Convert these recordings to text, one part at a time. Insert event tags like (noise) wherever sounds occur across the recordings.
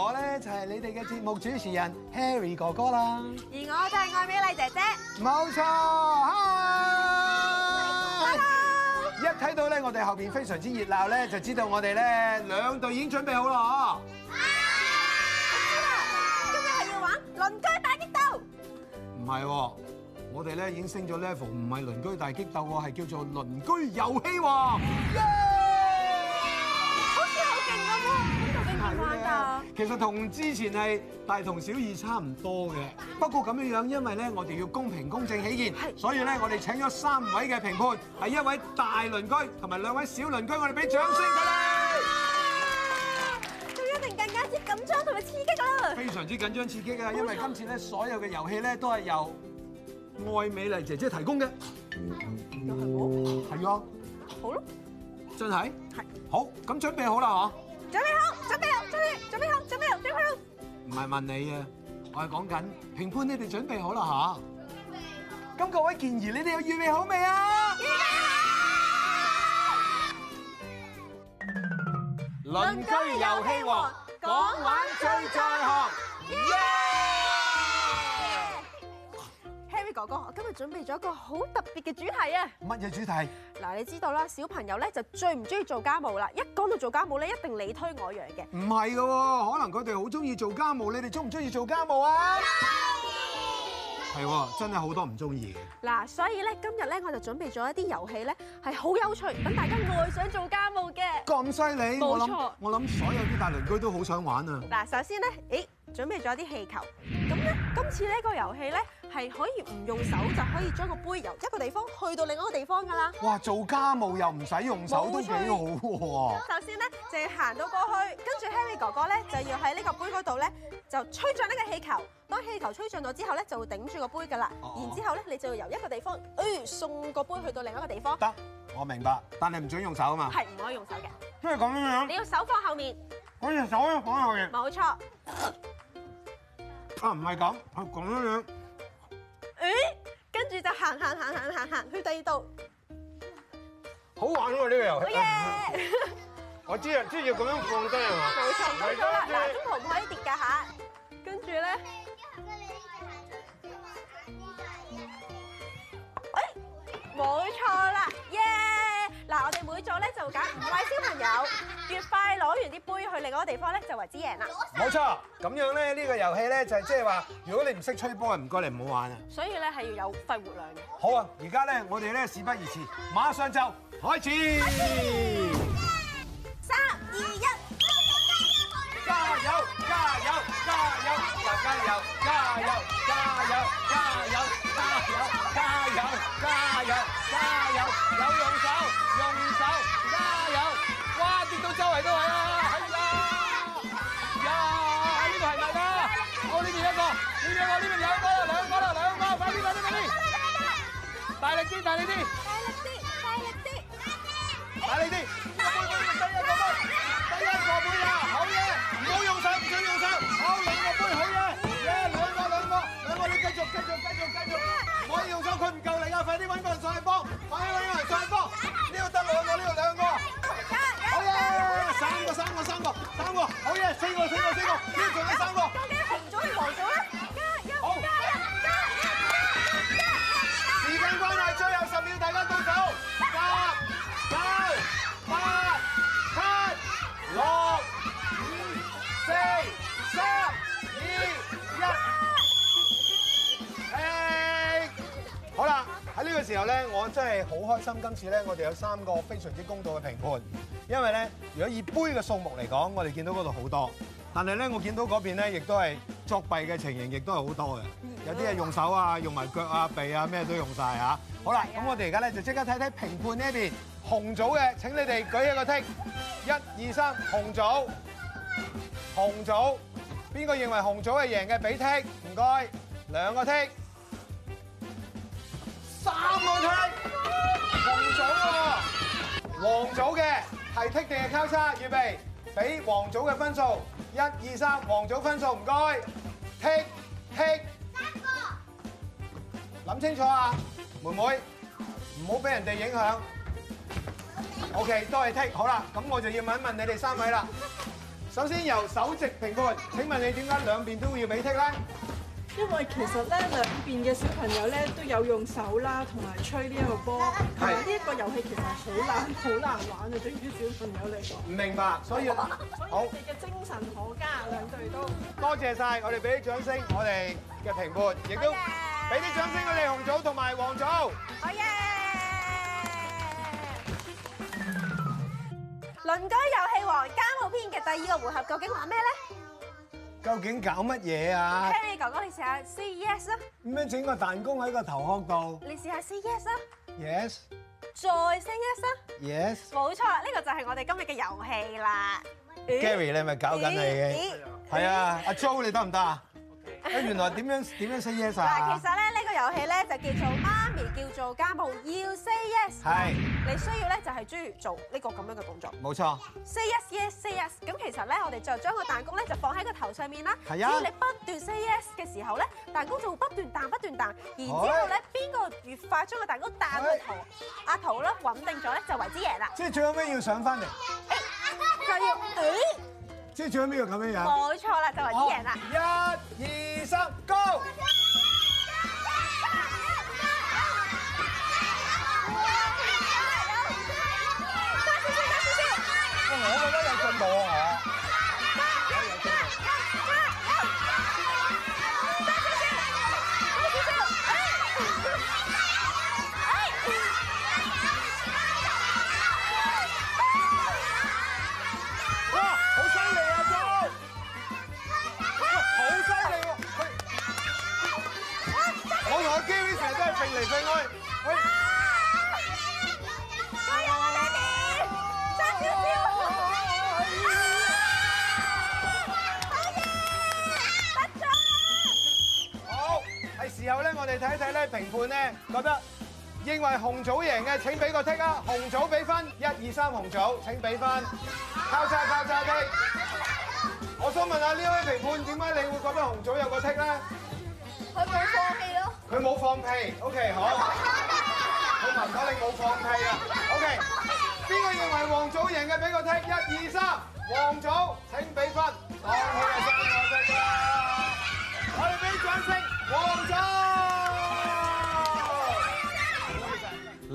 我咧就係你哋嘅節目主持人 Harry 哥哥啦，而我就係愛美麗姐姐。冇錯，Hello，Hello！一睇到咧，我哋後邊非常之熱鬧咧，就知道我哋咧兩隊已經準備好啦 Hello，嗬！今日係要玩鄰居大激鬥，唔係喎，我哋咧已經升咗 level，唔係鄰居大激鬥喎，係叫做鄰居遊戲喎。其實同之前係大同小異差唔多嘅，不過咁樣樣，因為咧我哋要公平公正起見，所以咧我哋請咗三位嘅評判，係一位大鄰居同埋兩位小鄰居，我哋俾掌聲佢哋，咁一定更加之緊張同埋刺激啦！非常之緊張刺激㗎喇，因為今次咧所有嘅遊戲咧都係由愛美麗姐姐提供嘅，而家係我，係啊，好咯，真係，係好咁準備好啦嚇，準備好，準備。準備好？準備好？準備好？唔係問你啊，我係講緊評判，你哋準備好啦吓？準備好。咁各位健兒，你哋有預備好未啊？預備好。鄰居遊戲王，講玩最在行。哥哥，我今日準備咗一個好特別嘅主題啊！乜嘢主題？嗱，你知道啦，小朋友咧就最唔中意做家務啦。一講到做家務咧，一定你推我讓嘅。唔係㗎喎，可能佢哋好中意做家務。你哋中唔中意做家務啊？唔中意。係喎，真係好多唔中意嘅。嗱，所以咧今日咧我就準備咗一啲遊戲咧係好有趣，等大家愛上做家務嘅。咁犀利？冇錯。我諗所有啲大鄰居都好想玩啊。嗱，首先咧，哎。準備咗啲氣球，咁咧今次呢個遊戲咧係可以唔用手就可以將個杯由一個地方去到另一個地方㗎啦。哇！做家務又唔使用，用手都幾好喎。首先咧，淨行到過去，跟住 Henry 哥哥咧就要喺呢個杯嗰度咧就吹脹呢個氣球。當氣球吹脹咗之後咧，就會頂住個杯㗎啦。哦哦，然之後咧，你就由一個地方，哎、呃，送個杯去到另一個地方。得，我明白，但係唔准用手啊嘛。係唔可以用手嘅。即係咁樣。你要手放後面。可以手放後面。冇錯。啊，唔係咁樣欸、啊，咁樣。誒，跟住就行行行行行行，去第二度。好玩喎，呢個遊戲。好嘢！我知啊，即係要咁樣放低啊嘛。冇錯啦，嗱，中途唔可以跌㗎嚇。跟住咧。小朋友越快攞完啲杯去另一個地方咧，呢就為之贏啦。冇錯，咁樣咧呢個遊戲咧就係即係話，如果你唔識吹波啊，唔過嚟唔好玩啊。所以咧係要有肺活量嘅。好啊，而家咧我哋咧事不宜遲，馬上就開始。大力啲，大力啲，大力啲！大力啲！一樽，一樽，四啊，一樽，四啊，個杯啊！好嘢，唔好用曬，唔好用曬，跑兩個杯，好嘢，嘢兩個，兩個，兩個你繼續，繼續，繼續，繼續，可以用手，佢唔夠力啊！快啲揾個人上嚟幫，快啲揾個人上嚟幫，呢個得兩個，呢個兩個，好嘢，三個，三個，三個，三個，好嘢。開心！今次咧，我哋有三個非常之公道嘅評判，因為咧，如果以杯嘅數目嚟講，我哋見到嗰度好多，但係咧，我見到嗰邊咧，亦都係作弊嘅情形，亦都係好多嘅。有啲係用手啊，用埋腳啊，鼻啊，咩都用曬嚇。好啦，咁我哋而家咧就即刻睇睇評判呢邊紅組嘅，請你哋舉一個剔，一二三，紅組，紅組，邊個認為紅組係贏嘅，俾剔，唔該，兩個剔，三個剔。黃組喎，黃組嘅係剔定係交叉，預備，俾黃組嘅分數，一二三，黃組分數唔該，剔剔，三個，諗清楚啊，妹妹，唔好俾人哋影響。OK，都係剔，好啦，咁我就要問一問你哋三位啦。首先由首席評判，請問你點解兩邊都要俾剔呢？因為其實咧兩邊嘅小朋友咧都有用手啦，同埋吹呢一個波。咁呢一個遊戲其實好難，好難玩啊，對於小朋友嚟講。唔明白，所以好。好，你哋嘅精神可嘉，兩隊都。多謝晒，我哋俾啲掌聲，我哋嘅評判，亦都俾啲掌聲我哋紅組同埋黃組。好嘅。鄰居遊戲王家務篇嘅第二個回合，究竟玩咩咧？究竟搞乜嘢啊？Harry 哥哥，你試下 say yes 啊！咩整個彈弓喺個頭殼度？你試下 say yes 啊！Yes，再 say yes 啊！Yes，冇錯，呢個就係我哋今日嘅遊戲啦。Gary，你係咪搞緊你嘅？咦，係啊，阿 Joe，你得唔得啊？誒，原來點樣點樣 say yes 啊？嗱，其實咧。遊戲咧就叫做媽咪叫做家務，要 say yes。係，你需要咧就係中意做呢個咁樣嘅動作。冇錯，say yes yes say yes。咁其實咧，我哋就將個彈弓咧就放喺個頭上面啦。係啊。只要你不斷 say yes 嘅時候咧，彈弓就會不斷彈不斷彈。然之後咧，邊個越快將個彈弓彈到頭，阿桃咧穩定咗咧就為之贏啦。即係最後尾要上翻嚟。誒，就要誒。即係最後尾要咁樣贏。冇錯啦，就為之贏啦。一、二、三，Go！有咧，我哋睇一睇咧，評判咧覺得認為紅組贏嘅請俾個 tick 啊，紅組俾分一二三，紅組請俾分，敲炸敲炸的。我想問下呢位評判點解你會覺得紅組有個 tick 咧？佢冇放棄咯。佢冇放棄，OK 好。佢聞到你冇放棄啊，OK。邊個認為黃組贏嘅俾個 tick，一二三，黃組請俾分，敲炸敲炸的。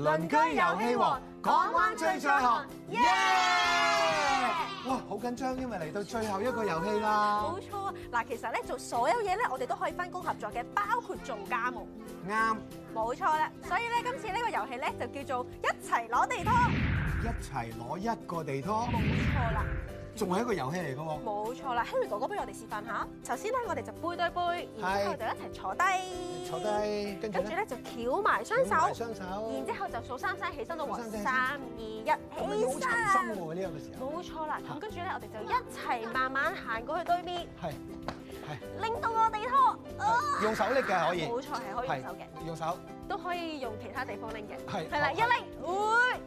鄰居遊戲王，港灣最在行，耶！哇，好緊張，因為嚟到最後一個遊戲啦。冇錯啊，嗱，其實咧做所有嘢咧，我哋都可以分工合作嘅，包括做家務。啱。冇錯啦，所以咧今次呢個遊戲咧就叫做一齊攞地拖，一齊攞一個地拖。冇錯啦。仲係一個遊戲嚟嘅喎，冇錯啦！希瑞哥哥幫我哋示範下。首先咧，我哋就背對背，然之後就一齊坐低，坐低，跟住咧就翹埋雙手，雙手，然之後就數三聲起身到，三二一,三二一起身，咁樣好齊心喎呢個時候。冇錯啦，咁跟住咧，我哋就一齊慢慢行過去對面，係係，拎到我哋地拖，用手拎嘅可以，冇錯係可以手嘅，用手。都可以用其他地方拎嘅，係啦，一拎，會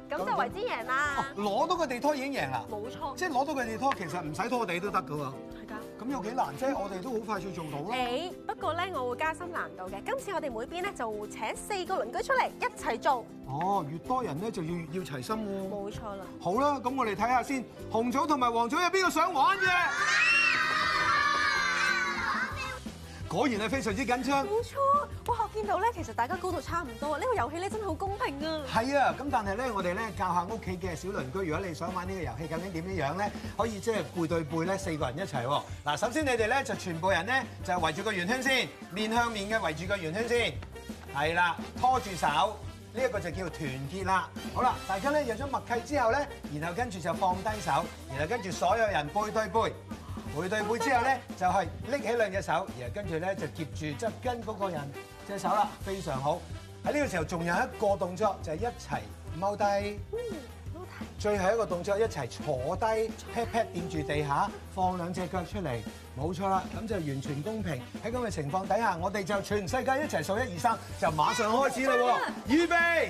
咁就為之贏啦。攞到個地拖已經贏啦，冇錯。即係攞到個地拖，其實唔使拖地都得噶喎。係㗎。咁有幾難啫？我哋都好快就做到啦。你不過咧，我會加深難度嘅。今次我哋每邊咧就請四個鄰居出嚟一齊做。哦，越多人咧就要要齊心喎。冇錯啦。好啦，咁我哋睇下先，紅組同埋黃組有邊個想玩嘅？果然係非常之緊張，冇錯。我學見到咧，其實大家高度差唔多，呢個遊戲咧真係好公平啊！係啊，咁但係咧，我哋咧教下屋企嘅小鄰居，如果你想玩呢個遊戲，究竟點樣樣咧？可以即係背對背咧，四個人一齊。嗱，首先你哋咧就全部人咧就圍住個圓圈先，面向面嘅圍住個圓圈先，係啦，拖住手，呢一個就叫團結啦。好啦，大家咧有咗默契之後咧，然後跟住就放低手，然後跟住所有人背對背。回對背之後咧，就係拎起兩隻手，然後跟住咧就接住側跟嗰個人隻手啦，非常好。喺呢個時候仲有一個動作，就係一齊踎低，最後一個動作，一齊坐低，劈劈掂住地下，放兩隻腳出嚟，冇錯啦，咁就完全公平。喺咁嘅情況底下，我哋就全世界一齊數一二三，就馬上開始啦，預備。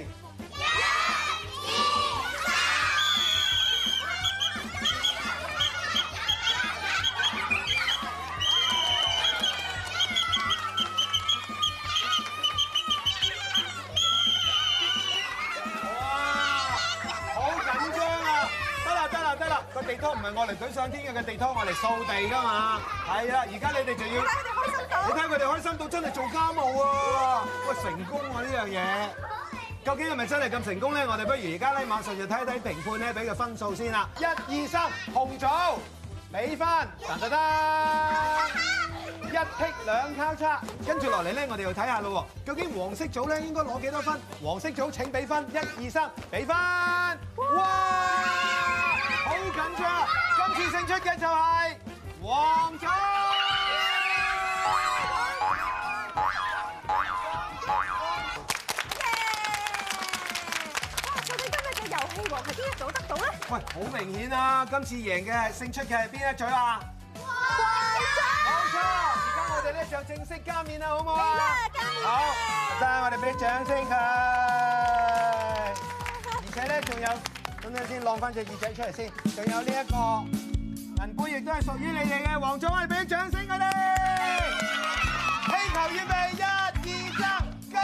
都唔係我嚟舉上天嘅，地拖我嚟掃地㗎嘛。係啊，而家你哋就要，你睇佢哋開心到，你睇佢哋開心到，真係做家務喎。喂，成功喎呢樣嘢。究竟係咪真係咁成功咧？我哋不如而家咧，馬上就睇一睇評判咧，俾個分數先啦。一二三，紅組，俾分，得得得。 (music) 一剔兩交叉，跟住落嚟咧，我哋要睇下啦喎。究竟黃色組咧，應該攞幾多分？黃色組請俾分。一二三，俾分。 (music) 哇！好緊張！今次勝出嘅就係黃仔。哇！究竟今日嘅遊戲王係邊一組得到咧？喂，好明顯啦！今次贏嘅係勝出嘅係邊一組啊？哇！黃仔。冇錯。而家我哋咧就正式加冕啦，好唔好啊？好，得我哋俾掌聲佢。而且咧仲有。等陣先，晾翻隻耳仔出嚟先。仲有呢一個銀杯，亦都係屬於你哋嘅，黃總，可以俾掌聲佢哋。氣球預備，一二三，Go！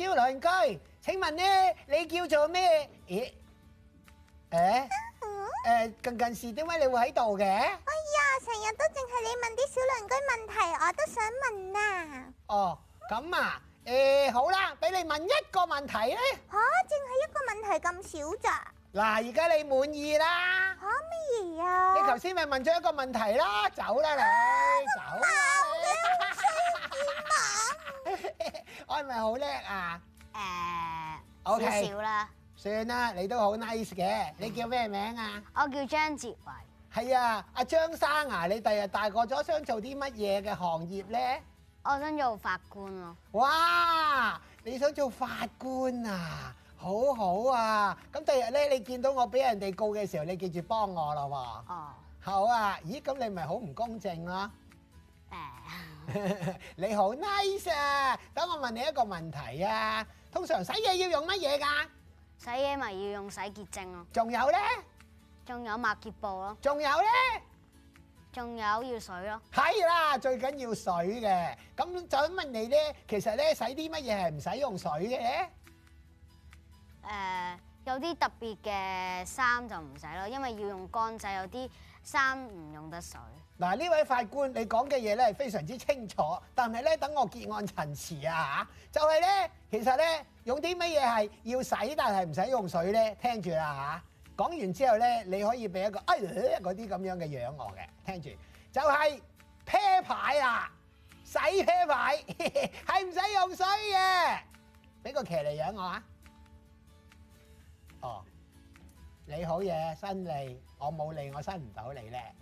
小鄰居，請問呢，你叫做咩？咦？誒誒，近近時點解你會喺度嘅？哎呀，成日都淨係你問啲小鄰居問題，我都想問啊！哦，咁啊，誒好啦，俾你問一個問題咧。嚇，淨係一個問題咁少咋？嗱，而家你滿意啦？嚇咩嘢啊？你頭先咪問咗一個問題啦，走啦你，走啦你。 (laughs) 我係咪好叻啊！誒，uh, Okay, 少少啦，算啦，你都好 nice 嘅。你叫咩名 (laughs) 叫啊？我叫張哲偉。係啊，阿張生啊，你第日大個咗想做啲乜嘢嘅行業咧？我想做法官咯、啊。哇！你想做法官啊？好好啊！咁第日咧，你見到我俾人哋告嘅時候，你記住幫我啦喎。哦。Uh. 好啊。咦，咁你咪好唔公正咯、啊？誒。Uh. 你好 nice 啊！等我問你一個問題啊，通常洗嘢要用乜嘢噶？洗嘢咪要用洗潔精咯。仲有咧？仲有抹潔布咯。仲有咧？仲有要水咯。係啦，最緊要水嘅。咁就想問你咧，其實咧洗啲乜嘢係唔使用水嘅？誒，有啲特別嘅衫就唔使咯，因為要用乾洗，有啲衫唔用得水。嗱，呢位法官，你講嘅嘢咧非常之清楚，但係咧等我結案陳詞啊嚇，就係咧其實咧用啲乜嘢係要洗但係唔使用水咧，聽住啦嚇。講完之後咧，你可以俾一個哎嗰啲咁樣嘅樣我嘅，聽住就係啤牌啊，洗啤牌係唔使用水嘅，俾個騎嚟養我啊！哦，你好嘢，伸脷。我冇脷，我伸唔到你咧。